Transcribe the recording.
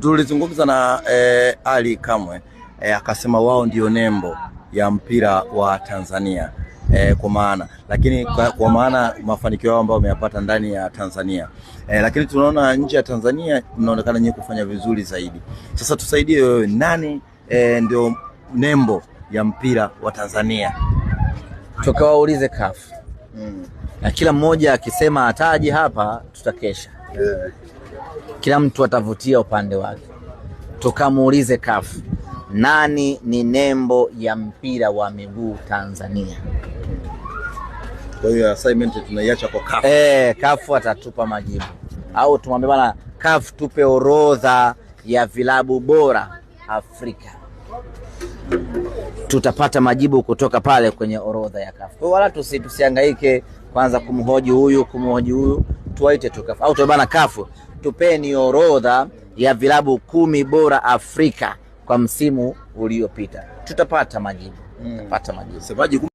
Tulizungumza na eh, Ali Kamwe eh, akasema wao ndio nembo ya mpira wa Tanzania eh, kwa maana lakini kwa, kwa maana mafanikio yao ambayo wameyapata ndani ya Tanzania eh, lakini tunaona nje ya Tanzania mnaonekana nyinyi kufanya vizuri zaidi. Sasa tusaidie wewe, nani eh, ndio nembo ya mpira wa Tanzania? Tukawaulize CAF na kila mmoja akisema ataji hapa tutakesha, yeah. Kila mtu atavutia upande wake, tukamuulize kafu nani ni nembo ya mpira wa miguu Tanzania? Kwa hiyo assignment tunaiacha kwa kafu. Eh, kafu atatupa majibu au tumwambie bwana kafu, tupe orodha ya vilabu bora Afrika tutapata majibu kutoka pale kwenye orodha ya kafu. Kwa hiyo wala tusi, tusiangaike kwanza kumhoji huyu kumhoji huyu, tuwaite tu kafu au tubana kafu, tupeni orodha ya vilabu kumi bora Afrika kwa msimu uliopita, tutapata majibu, mm. tutapata majibu.